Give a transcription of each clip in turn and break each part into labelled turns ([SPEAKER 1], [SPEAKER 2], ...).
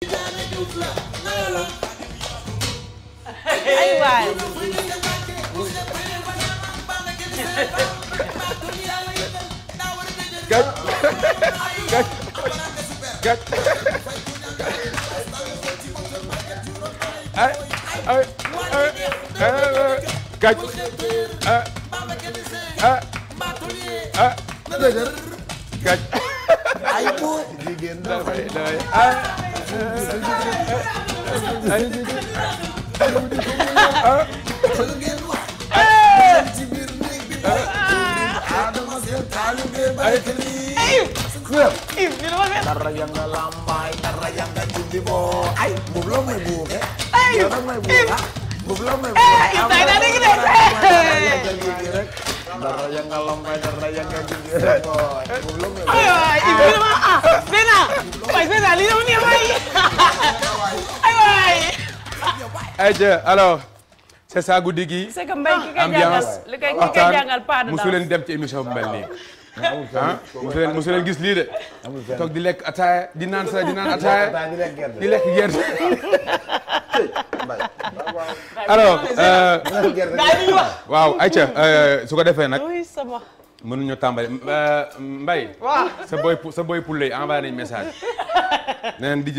[SPEAKER 1] kat kat kat ay ay ay kat ah ah ah kat ay bu jigéen dafay ay Tarrayanga lambai, tarrayanga jubibo. Ay, bublo may buke. Ay, bublo may buka. Bublo may buka. Eh, itay na rin kita. Tarrayanga lambai, tarrayanga jubibo.
[SPEAKER 2] Bublo may buka. Ay, ay, ibigay naman. Ah,
[SPEAKER 1] Sena! Ay, Sena, lino niya ay eh, halo. alors c'est ça Saya gi. c'est que mbay ki koy jàngal li koy ki koy jàngal pas de musu dem ci émission gis de. di lekk di naan sa di naan ataaya di lekk gerte. alors. waaw ayca su ko defee boy sa boy poulet envoyé message. Nen DJ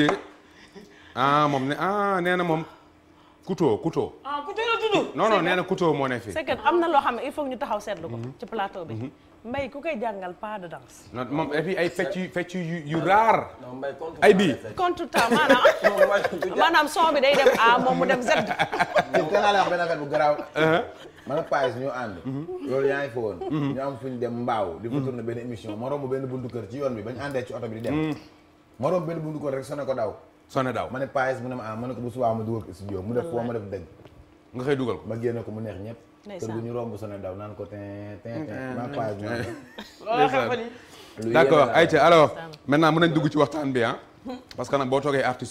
[SPEAKER 1] ah moom ne ah nee na moom couteau couteau. ah couteau la nee na moo ne fi am na loo xam ne il faut ñu taxaw seetlu ko. Mhm. ci plateau bi. Mhm. mbay ku koy jàngal paada de danse. moom et puis ay fecc yu fecc yu yu raar. ay bii contre temps maanaam. maanaam son bi day dem A moom mu dem Z. te te naa garaaw. Uh-huh. man ak Paz mhm. yaa ngi woon. ñu am fu ñu dem Mbaaw. di fa tourné benn émission ma romb benn buntu kër ci yoon bi ba ñu àndee ci oto bi di dem. ma romb benn buntu rek sonné ko daw. sone daaw ma ne mu ne ma ah ma ne ko bu subaa ma dugal ko studio mu def foo ma def dëgg nga xëy dugal ko ma génne ko mu neex ñëpp kër gu ñu romb sone daaw naan ko tin tin tin maa Paes mu d'accord Aïcha alors maintenant mën nañ dugg ci waxtaan bi ah parce que nag boo toogee artiste